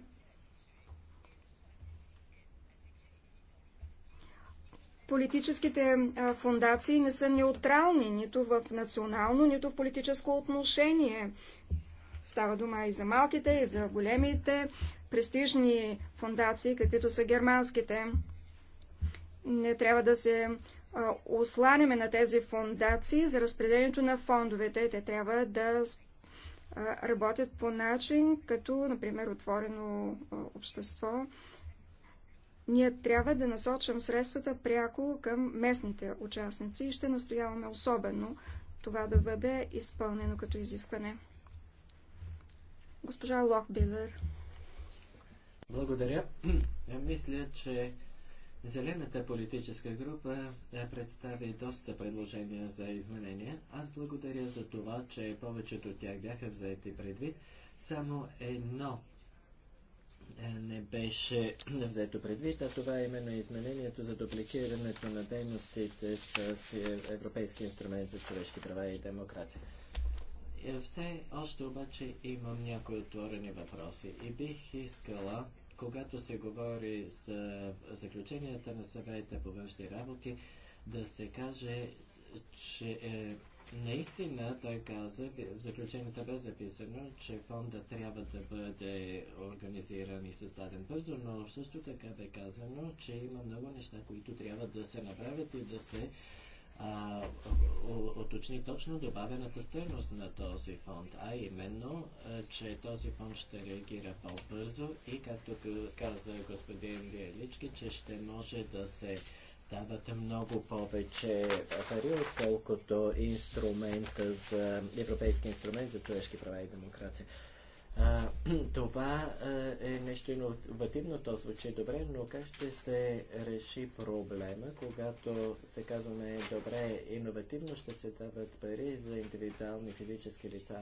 политическите фундации не са неутрални нито в национално, нито в политическо отношение. Става дума и за малките, и за големите престижни фундации, каквито са германските. Не трябва да се осланяме на тези фундации за разпределението на фондовете. Те трябва да работят по начин, като, например, отворено общество. Ние трябва да насочим средствата пряко към местните участници и ще настояваме особено това да бъде изпълнено като изискване. Госпожа Лохбилер. Благодаря. Я мисля, че Зелената политическа група е, представи доста предложения за изменения. Аз благодаря за това, че повечето от тях бяха взети предвид. Само едно е, не беше взето предвид, а това е именно изменението за дупликирането на дейностите с, с е, Европейски инструмент за човешки права и демокрация. Все още обаче имам някои отворени въпроси и бих искала когато се говори за заключенията на съвета по външни работи, да се каже, че е, наистина той каза, в заключенията бе записано, че фонда трябва да бъде организиран и създаден бързо, но също така бе казано, че има много неща, които трябва да се направят и да се а, уточни точно добавената стоеност на този фонд, а именно, е, че този фонд ще реагира по-бързо и, както каза господин Виелички, че ще може да се дават много повече пари, отколкото инструмента за, европейски инструмент за човешки права и демокрация. А, това е нещо иновативно, то звучи добре, но как ще се реши проблема, когато се казваме добре, иновативно ще се дават пари за индивидуални физически лица,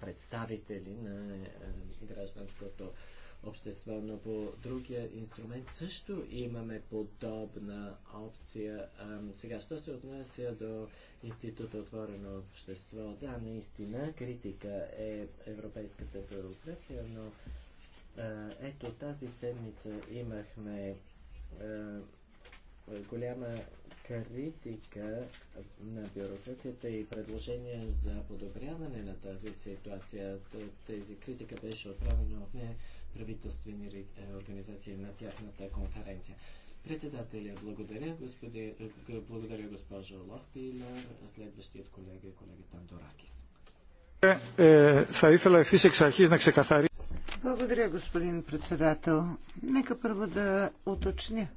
представители на гражданското общество, но по другия инструмент също имаме подобна опция. А, сега, що се отнася до Института Отворено общество? Да, наистина, критика е европейската бюрокрация, но а, ето тази седмица имахме а, голяма критика на бюрокрацията и предложения за подобряване на тази ситуация. Тази критика беше отправена от нея правителствени е, организации на тяхната конференция. Председателя, благодаря, господи, е, благодаря госпожа Лохпилер. Следващият колега е колегата Андоракис. Е, благодаря, господин председател. Нека първо да уточня.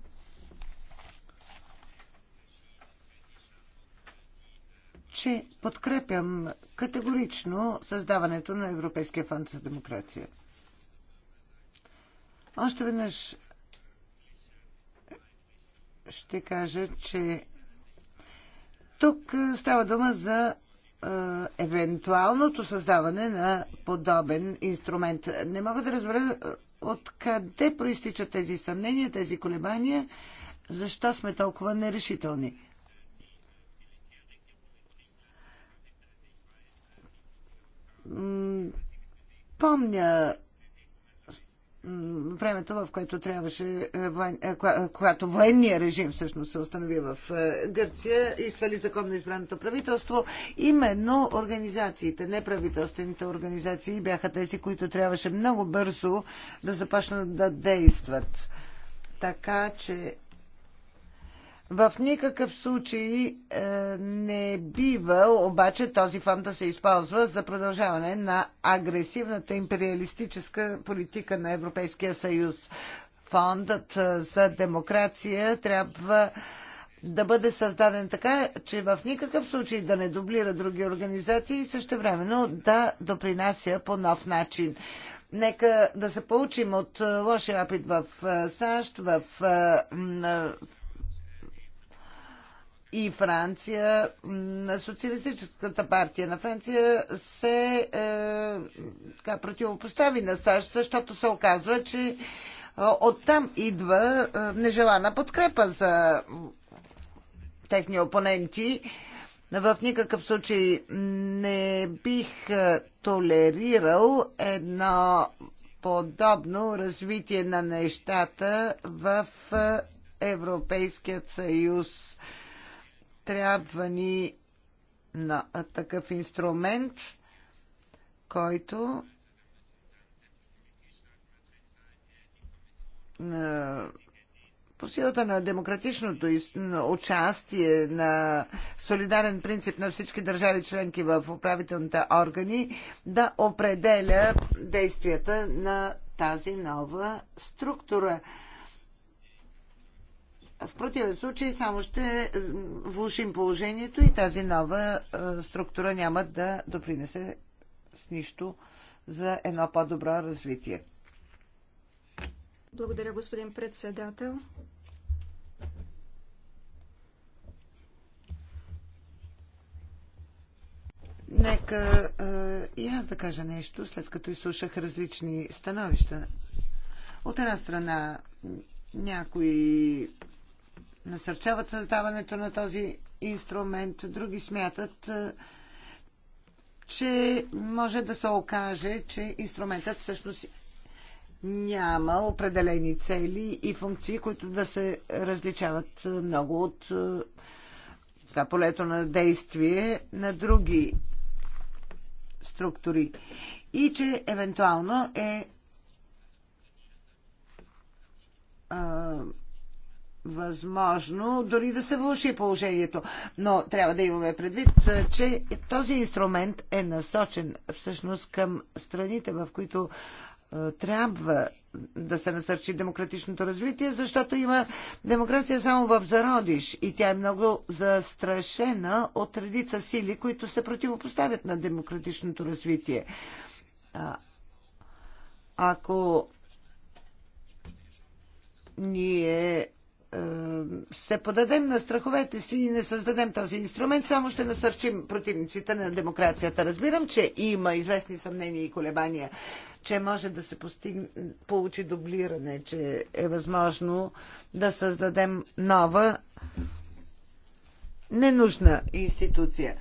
че подкрепям категорично създаването на Европейския фонд за демокрация. Още веднъж ще кажа, че тук е, става дума за е, евентуалното създаване на подобен инструмент. Не мога да разбера е, откъде проистичат тези съмнения, тези колебания, защо сме толкова нерешителни. Помня времето, в което трябваше, е, е, е, когато военния режим всъщност се установи в Гърция и свали законно избраното правителство, именно организациите, неправителствените организации бяха тези, които трябваше много бързо да започнат да действат. Така че в никакъв случай е, не бива обаче този фонд да се използва за продължаване на агресивната империалистическа политика на Европейския съюз. Фондът е, за демокрация трябва да бъде създаден така, че в никакъв случай да не дублира други организации и същевременно да допринася по нов начин. Нека да се получим от е, лошия опит в е, САЩ, в и Франция, на Социалистическата партия на Франция се е, така, противопостави на САЩ, защото се оказва, че е, оттам идва е, нежелана подкрепа за техни опоненти. В никакъв случай не бих е, толерирал едно подобно развитие на нещата в Европейският съюз. Трябва ни на такъв инструмент, който е, по силата на демократичното участие, на солидарен принцип на всички държави членки в управителните органи, да определя действията на тази нова структура. В противен случай само ще влушим положението и тази нова структура няма да допринесе с нищо за едно по-добро развитие. Благодаря, господин председател. Нека е, и аз да кажа нещо, след като изслушах различни становища. От една страна, някои насърчават създаването на този инструмент, други смятат, е, че може да се окаже, че инструментът всъщност няма определени цели и функции, които да се различават е, много от е, така, полето на действие на други структури. И че евентуално е възможно дори да се влуши положението. Но трябва да имаме предвид, че този инструмент е насочен всъщност към страните, в които е, трябва да се насърчи демократичното развитие, защото има демокрация само в зародиш и тя е много застрашена от редица сили, които се противопоставят на демократичното развитие. ако ние е, се подадем на страховете си и не създадем този инструмент, само ще насърчим противниците на демокрацията. Разбирам, че има известни съмнения и колебания, че може да се постигне, получи дублиране, че е възможно да създадем нова ненужна институция.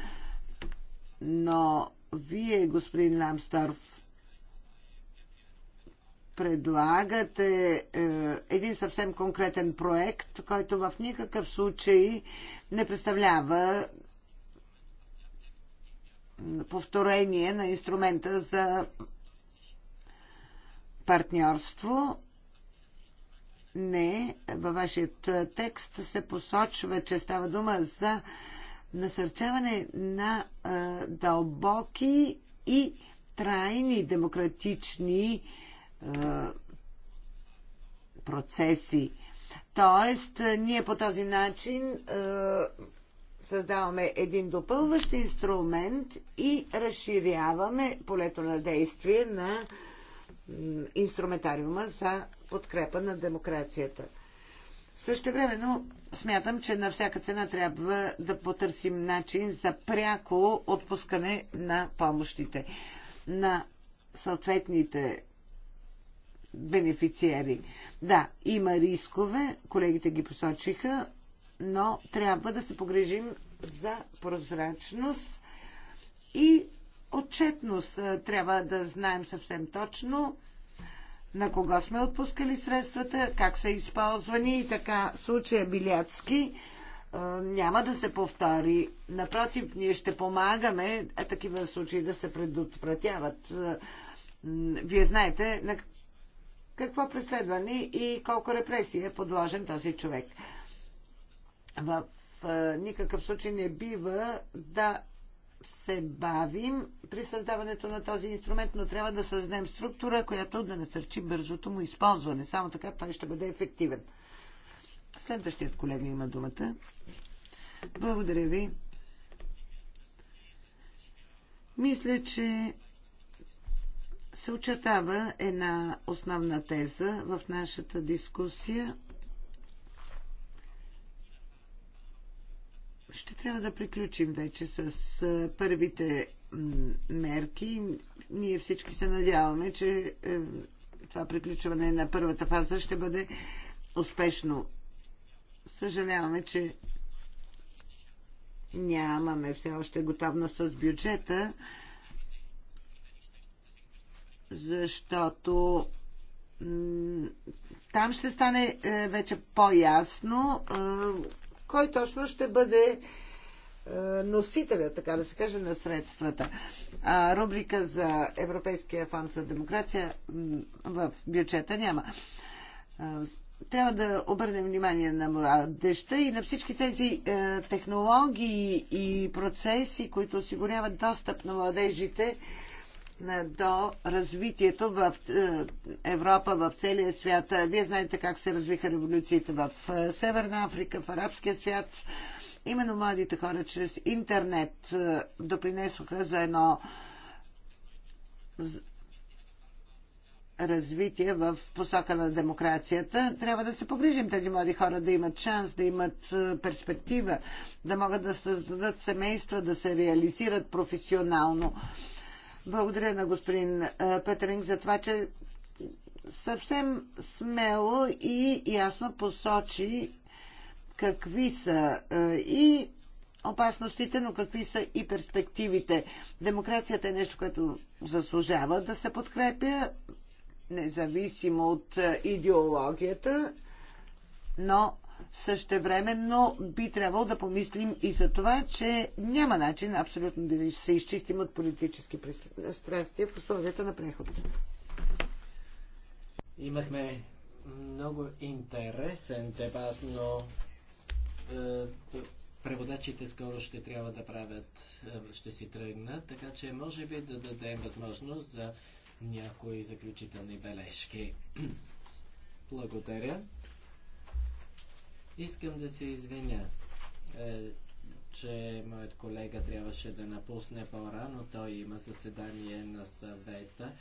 Но вие, господин Ламстарф, предлагате е, един съвсем конкретен проект, който в никакъв случай не представлява повторение на инструмента за партньорство. Не, във вашият текст се посочва, че става дума за насърчаване на е, дълбоки и трайни демократични процеси. Тоест, ние по този начин създаваме един допълващ инструмент и разширяваме полето на действие на инструментариума за подкрепа на демокрацията. Също времено смятам, че на всяка цена трябва да потърсим начин за пряко отпускане на помощите на съответните бенефициери. Да, има рискове, колегите ги посочиха, но трябва да се погрежим за прозрачност и отчетност. Трябва да знаем съвсем точно на кого сме отпускали средствата, как са използвани и така случая Билятски е, няма да се повтори. Напротив, ние ще помагаме а такива случаи да се предотвратяват. Е, вие знаете на какво преследване и колко репресии е подложен този човек. В е, никакъв случай не бива да се бавим при създаването на този инструмент, но трябва да създадем структура, която да насърчи бързото му използване. Само така той ще бъде ефективен. Следващият колега има думата. Благодаря ви. Мисля, че се очертава една основна теза в нашата дискусия. Ще трябва да приключим вече с първите мерки. Ние всички се надяваме, че е, това приключване на първата фаза ще бъде успешно. Съжаляваме, че нямаме все още готовност с бюджета защото там ще стане е, вече по-ясно е, кой точно ще бъде е, носителя, така да се каже, на средствата. А, рубрика за Европейския фонд за демокрация в бюджета няма. Трябва да обърнем внимание на младеща и на всички тези технологии и процеси, които осигуряват достъп на младежите до развитието в е, Европа, в целия свят. Вие знаете как се развиха революциите в е, Северна Африка, в арабския свят. Именно младите хора чрез интернет е, допринесоха за едно развитие в посока на демокрацията. Трябва да се погрижим тези млади хора да имат шанс, да имат перспектива, да могат да създадат семейства, да се реализират професионално. Благодаря на господин Петеринг за това, че съвсем смело и ясно посочи какви са и опасностите, но какви са и перспективите. Демокрацията е нещо, което заслужава да се подкрепя, независимо от идеологията, но Същевременно би трябвало да помислим и за това, че няма начин абсолютно да се изчистим от политически страстия в условията на преход. Имахме много интересен дебат, но е, преводачите скоро ще трябва да правят, е, ще си тръгнат, така че може би да дадем възможност за някои заключителни бележки. Благодаря. Искам да се извиня, е, че моят колега трябваше да напусне по-рано. Той има заседание на съвета.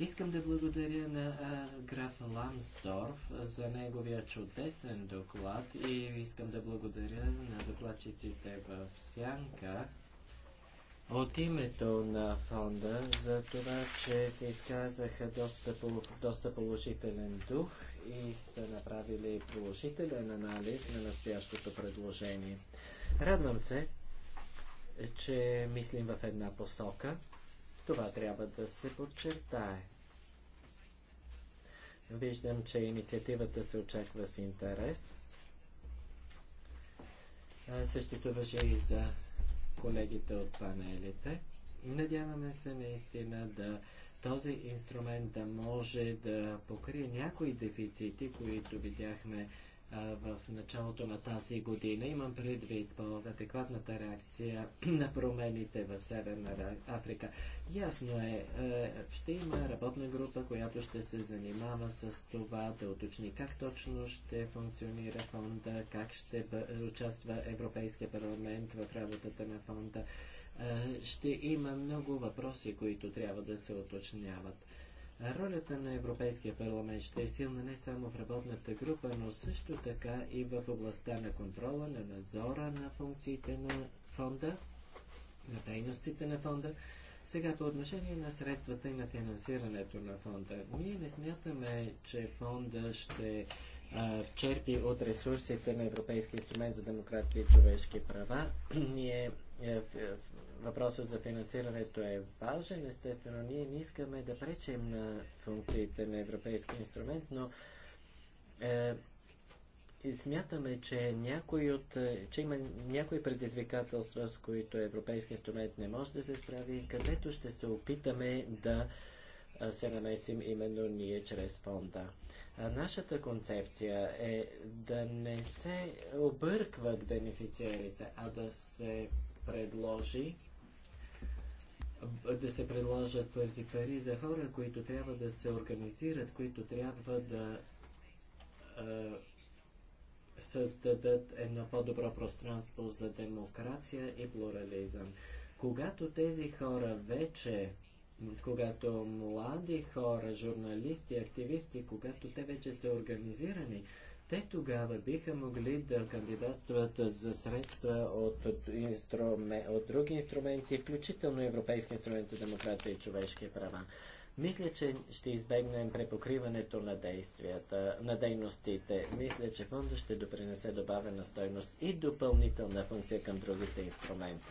Искам да благодаря на а, е, граф Ламсдорф за неговия чудесен доклад и искам да благодаря на докладчиците в Сянка от името на фонда за това, че се изказаха доста, доста положителен дух и са направили положителен анализ на настоящото предложение. Радвам се, е, че мислим в една посока. Това трябва да се подчертае. Виждам, че инициативата се очаква с интерес. Същото въже и за колегите от панелите. Надяваме се наистина да този инструмент да може да покрие някои дефицити, които видяхме в началото на тази година. Имам предвид по-адекватната реакция на промените в Северна Африка. Ясно е, ще има работна група, която ще се занимава с това да уточни как точно ще функционира фонда, как ще участва Европейския парламент в работата на фонда. Е, ще има много въпроси, които трябва да се уточняват. Ролята на Европейския парламент ще е силна не само в работната група, но също така и в областта на контрола, на надзора на функциите на фонда, на дейностите на фонда. Сега по отношение на средствата и на финансирането на фонда. Ние не смятаме, че фонда ще а, черпи от ресурсите на Европейския инструмент за демокрация и човешки права. Ние е, е, въпросът за финансирането е важен. Естествено, ние не искаме да пречим на функциите на Европейски инструмент, но е, смятаме, че, някой от, че има някои предизвикателства, с които Европейски инструмент не може да се справи, където ще се опитаме да се намесим именно ние чрез фонда. А нашата концепция е да не се объркват бенефициерите, а да се предложи да се предложат бързи пари за хора, които трябва да се организират, които трябва да е, създадат едно по-добро пространство за демокрация и плурализъм. Когато тези хора вече когато млади хора, журналисти, активисти, когато те вече са организирани, те тогава биха могли да кандидатстват за средства от, от, инструме, от други инструменти, включително Европейски инструмент за демокрация и човешки права. Мисля, че ще избегнем препокриването на действията, на дейностите. Мисля, че фонда ще допринесе добавена стойност и допълнителна функция към другите инструменти.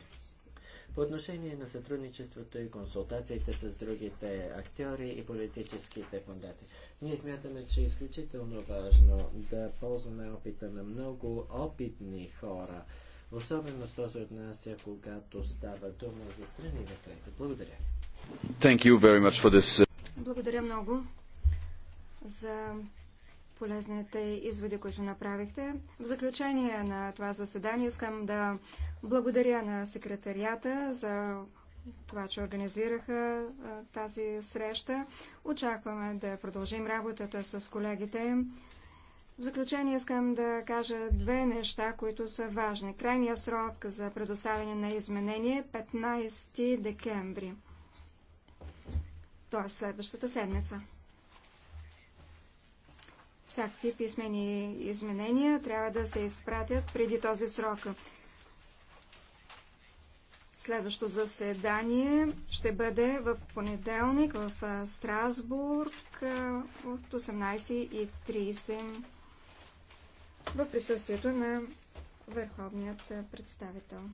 По отношение на сътрудничеството и консултациите с другите актьори и политическите фундации, ние смятаме, че е изключително важно да ползваме опита на много опитни хора, особено що се отнася, когато става дума за страни на трета. Благодаря. Thank you very much for this. Uh, Благодаря много за полезните изводи, които направихте. В заключение на това заседание искам да благодаря на секретарията за това, че организираха тази среща. Очакваме да продължим работата с колегите. В заключение искам да кажа две неща, които са важни. Крайният срок за предоставяне на изменение 15 е декември, т.е. следващата седмица. Всякакви писмени изменения трябва да се изпратят преди този срок. Следващото заседание ще бъде в понеделник в Страсбург от 18.30 в присъствието на върховният представител.